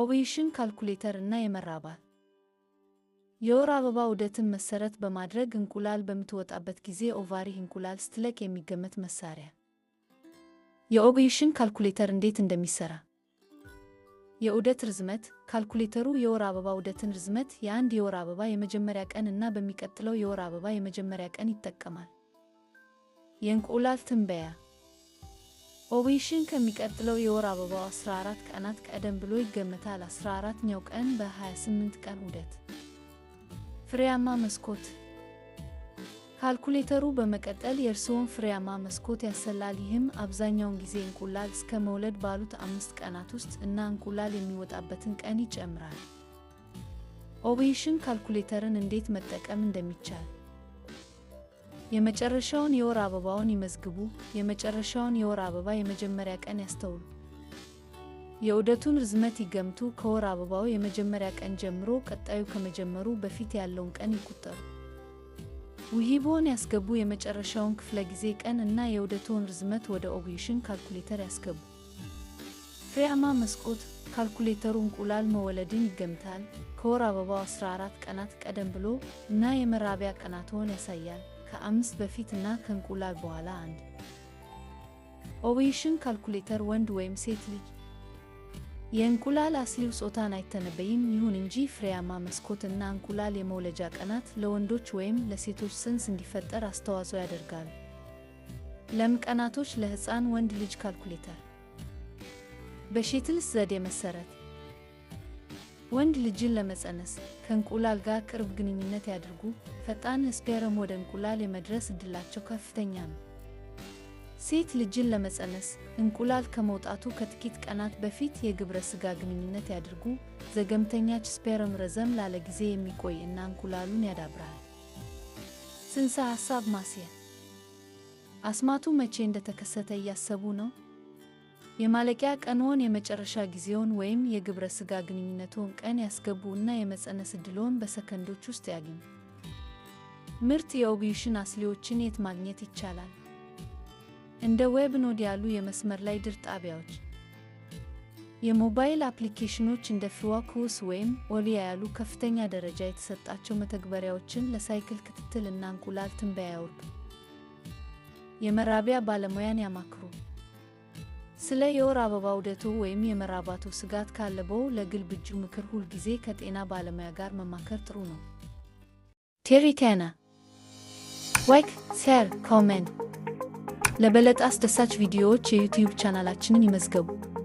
ኦቬሽን ካልኩሌተር እና የመራባት የወር አበባ ዑደትን መሰረት በማድረግ እንቁላል በምትወጣበት ጊዜ ኦቫሪ እንቁላል ስትለቅ የሚገመት መሳሪያ። የኦቬሽን ካልኩሌተር እንዴት እንደሚሰራ የዑደት ርዝመት ካልኩሌተሩ የወር አበባ ዑደትን ርዝመት የአንድ የወር አበባ የመጀመሪያ ቀን እና በሚቀጥለው የወር አበባ የመጀመሪያ ቀን ይጠቀማል። የእንቁላል ትንበያ ኦቬሽን ከሚቀጥለው የወር አበባው 14 ቀናት ቀደም ብሎ ይገመታል። 14ኛው ቀን በ28 ቀን ዑደት ፍሬያማ መስኮት ካልኩሌተሩ በመቀጠል የእርስዎን ፍሬያማ መስኮት ያሰላል። ይህም አብዛኛውን ጊዜ እንቁላል እስከ መውለድ ባሉት አምስት ቀናት ውስጥ እና እንቁላል የሚወጣበትን ቀን ይጨምራል። ኦቬሽን ካልኩሌተርን እንዴት መጠቀም እንደሚቻል የመጨረሻውን የወር አበባውን ይመዝግቡ። የመጨረሻውን የወር አበባ የመጀመሪያ ቀን ያስተውሉ። የዑደቱን ርዝመት ይገምቱ። ከወር አበባው የመጀመሪያ ቀን ጀምሮ ቀጣዩ ከመጀመሩ በፊት ያለውን ቀን ይቁጠሩ። ውሂቦን ያስገቡ። የመጨረሻውን ክፍለ ጊዜ ቀን እና የዑደትዎን ርዝመት ወደ ኦቭዩሽን ካልኩሌተር ያስገቡ። ፍሬያማ መስኮት ካልኩሌተሩ እንቁላል መወለድን ይገምታል። ከወር አበባው 14 ቀናት ቀደም ብሎ እና የመራቢያ ቀናትዎን ያሳያል። ከአምስት በፊት እና ከእንቁላል በኋላ አንድ ኦቬሽን ካልኩሌተር ወንድ ወይም ሴት ልጅ የእንቁላል አስሊው ጾታን አይተነበይም። ይሁን እንጂ ፍሬያማ መስኮት እና እንቁላል የመውለጃ ቀናት ለወንዶች ወይም ለሴቶች ጽንስ እንዲፈጠር አስተዋጽኦ ያደርጋሉ። ለም ቀናቶች ለሕፃን ወንድ ልጅ ካልኩሌተር በሼትልስ ዘዴ መሰረት ወንድ ልጅን ለመፀነስ ከእንቁላል ጋር ቅርብ ግንኙነት ያድርጉ። ፈጣን ስፔረም ወደ እንቁላል የመድረስ እድላቸው ከፍተኛ ነው። ሴት ልጅን ለመፀነስ እንቁላል ከመውጣቱ ከጥቂት ቀናት በፊት የግብረ ሥጋ ግንኙነት ያድርጉ። ዘገምተኛች ስፔረም ረዘም ላለ ጊዜ የሚቆይ እና እንቁላሉን ያዳብራል። ጽንሰ ሐሳብ ማስያ አስማቱ መቼ እንደተከሰተ እያሰቡ ነው? የማለቂያ ቀንዎን፣ የመጨረሻ ጊዜውን ወይም የግብረ ሥጋ ግንኙነትዎን ቀን ያስገቡ እና የመፀነስ ዕድልዎን በሰከንዶች ውስጥ ያግኙ። ምርጥ የኦቭዩሽን አስሌዎችን የት ማግኘት ይቻላል? እንደ ዌብ ኖድ ያሉ የመስመር ላይ ድር ጣቢያዎች፣ የሞባይል አፕሊኬሽኖች እንደ ፍዋክስ ወይም ኦሊያ ያሉ ከፍተኛ ደረጃ የተሰጣቸው መተግበሪያዎችን ለሳይክል ክትትል እና እንቁላል ትንበያ ያውርዱ። የመራቢያ ባለሙያን ያማክሩ። ስለ የወር አበባ ዑደትዎ ወይም የመራባቱ ስጋት ካለበው ለግል ብጁ ምክር ሁልጊዜ ከጤና ባለሙያ ጋር መማከር ጥሩ ነው። ቴሪ ቴና ዋይክ ሴር ኮሜን ለበለጠ አስደሳች ቪዲዮዎች የዩትዩብ ቻናላችንን ይመዝገቡ።